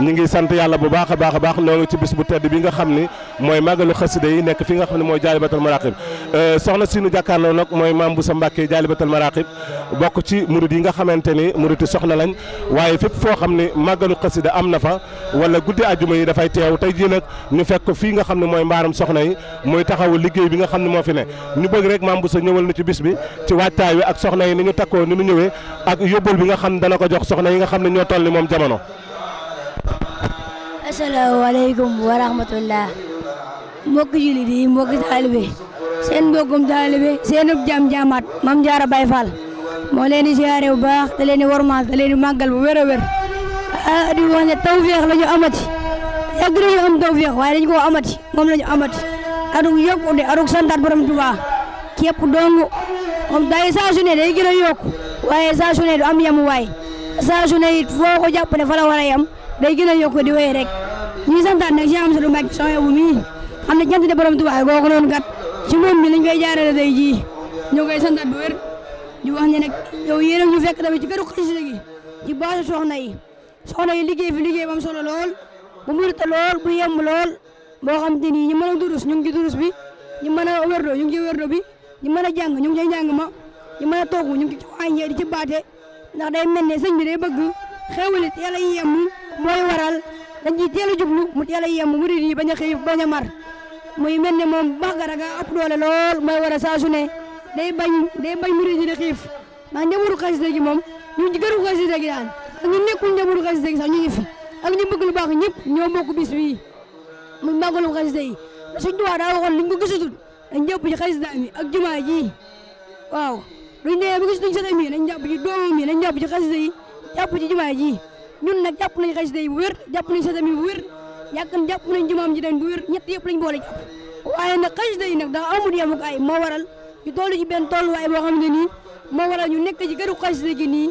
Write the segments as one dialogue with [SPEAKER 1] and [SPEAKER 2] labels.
[SPEAKER 1] ñu ngi sant yàlla bu baax a baax a baax noo ngi ci bis bu tedd bi nga xam ni mooy màggalu xasida yi nekk fi nga xam ne mooy jaalibatal maraqib euh, soxna si nu jàkkaarloo nag mooy maam bu sa mbàkkee jaalibatal maraqib bokk ci murid yi nga xamante ni muriti soxna lañ waaye fépp foo xam ne màggalu xasida am na fa wala guddi ajuma yi dafay teew tey jii nag ñu fekk fii nga xam ne mooy mbaaram soxna yi mooy taxawu liggéey bi nga xam ne moo fi ne ñu bëgg rek maam bu sa ñëwal na ci bis bi ci waajtaay wi ak soxna yi ni ñu takkoo ni ñu ñëwee ak yóbbal bi nga xam ne dana ko jox soxna yi nga xam ne ñoo toll ni moom jamono
[SPEAKER 2] asalaamaaleykum wa rahmatullah mbokki jullit yi mbokki taalibe seen mbokkum taalibe seenub jaam jaamaat Mame Diarra Baye Fall moo leen di siyaare bu baax te leen di wormaal te màggal bu wér a wér ah, la ñu amati yàgg nañu am tawféex waaye dañu koo amati moom la ñu amati adug yokkute adug santaat borom Tuubaa képp dong moom day saa ne day gën a yokku waaye saa ne du am yamuwaay saa su ne foo ko jàpp ne fa la yam day gën a yokk di wéy rek ñu ngi santaat nag Cheikh Amadou Mbacke Soxebu mii xam ne jant de borom Tuubaa googu noonu kat ci moom mi lañ koy jaarale day ji ñoo koy santaat bu wér di wax ne nag yow yéen ñu fekk tamit ci këru xasida gi ci baasu soxna yi soxna yi liggéey fi liggéey bam solo lool bu murita lool bu yemb lool boo xam te ni ñi mën a durus ñu ngi ci durus bi ñi mën a wérdo ñu ngi ci werdo bi ñi mën a jàng ñu ngi ci jàng ma ñi mën a toog ñu ngi ci waañee di ci ndax day mel sëñ bi day bëgg xéewal it yàlla yi yemul mooy waral dañuy teel a jublu mu teel a yem murid yi bañ a bañ a mar muy mel ne moom bax gara nga ëpp lool mooy waral saa ne day bañ day bañ murid yi di xiif ndax njabootu xasida gi moom ñu gëru xasida gi daan ak ñu nekkul njabootu xasida gi ñu ngi ak ñu bëgg lu baax ñëpp ñoo bokk bis bii muy màggalu xasida yi suñ tuwaa daa waxoon liñ ko gisatul dañ jàpp ci xasida mi ak jumaa ji waaw luñ nee ba gis duñ sëtam yi nañ yi nañ jàpp yi ñun nag jàpp nañ xasida yi bu wér jàpp nañ setam yi bu wér yàggan jàpp nañ jumaam ji dañ bu wér ñett yëpp lañ boole jàpp waaye nag xasida yi nag daa amul yemukaay moo waral ñu toll ci waral ñu nekk ci këru xasida gi nii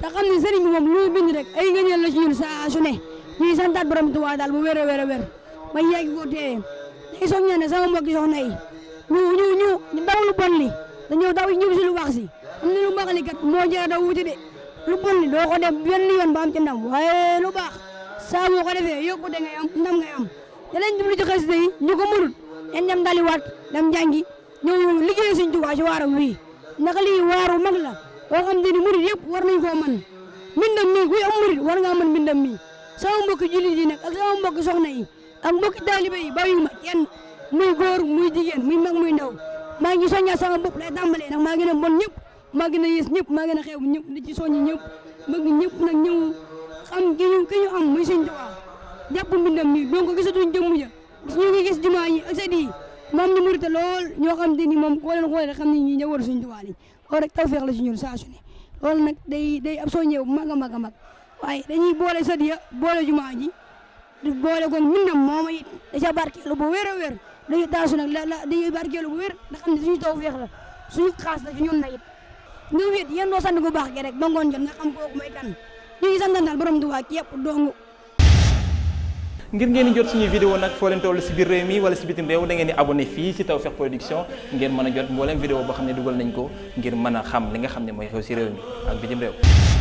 [SPEAKER 2] te xam ne sëriñ bi ñu lu bind rek ay ngëneel la su ne ñuy santaat a wér a wér ma yegg koo teewee dañuy soog ñee ne sama mbokki soxna yi ñu ñu ñu daw lu bon li dañoo daw ñëw si lu am na lu baax li moo jar a daw wuti de lu bon li doo ko def benn yoon ba am ci ndam waaye lu baax saa boo ko defee yokkute ngay am ndam ngay am te lañ jublu ci xasida yi ñu ko mënut dañ dem daliwaat dem jàngi ñëw liggéey suñ Tuubaa ci wii ndax lii waaru mag la boo xam te ni murit yëpp war nañ koo mën mbindam mii kuy am murit war ngaa mën mbindam mii sama mbokki jullit yi nag ak sama mbokki na yi ak mbokki taalibe yi bàyyi ma kenn muy góor muy jigéen muy mag muy ndaw maa ngi soññaat sama bopp lay tàmbalee nag maa ngi ne bon ñëpp maa gën a yées ñëpp maa gën a xew ñëpp di ci soññi ñëpp bëgg ñëpp nag ñëw xam gi ñu ki ñu am muy suñ Tuubaa jàpp mbindam nii donc gisatuñ ja ñu ngi gis jumaa yi ak sedd yi moom ñu murite lool ñoo xam te ni moom koo leen xoolee xam ni ñi ñëwar suñ Tuubaa lañ loolu rek tawfeex la si ñun saa su ne loolu day day ab soññee bu mag a mag mag waaye dañuy boole sedd ya boole jumaa ji boole ko mbindam mooma it da ca barkeelu bu wér a wér dañuy taasu nag la la dañuy barkeelu bu wér da xam ne suñu tawfeex la suñu xaas la ci ñun na it nga wéet yéen doo sant gu baax gi rek ba ngoon jot nga xam kooku may kan ñu ngi santantal borom Tuubaa képp dong.
[SPEAKER 1] ngir ngeen di jot suñu vidéo nag foo leen si biir réew mi wala si bitim réew dangeen di abonné fii si taw Tawfekh Production ngeen mën a jot mbooleem
[SPEAKER 2] vidéo boo xam ne dugal nañ ko ngir mën a xam li nga xam ne mooy xew si réew mi ak bitim réew.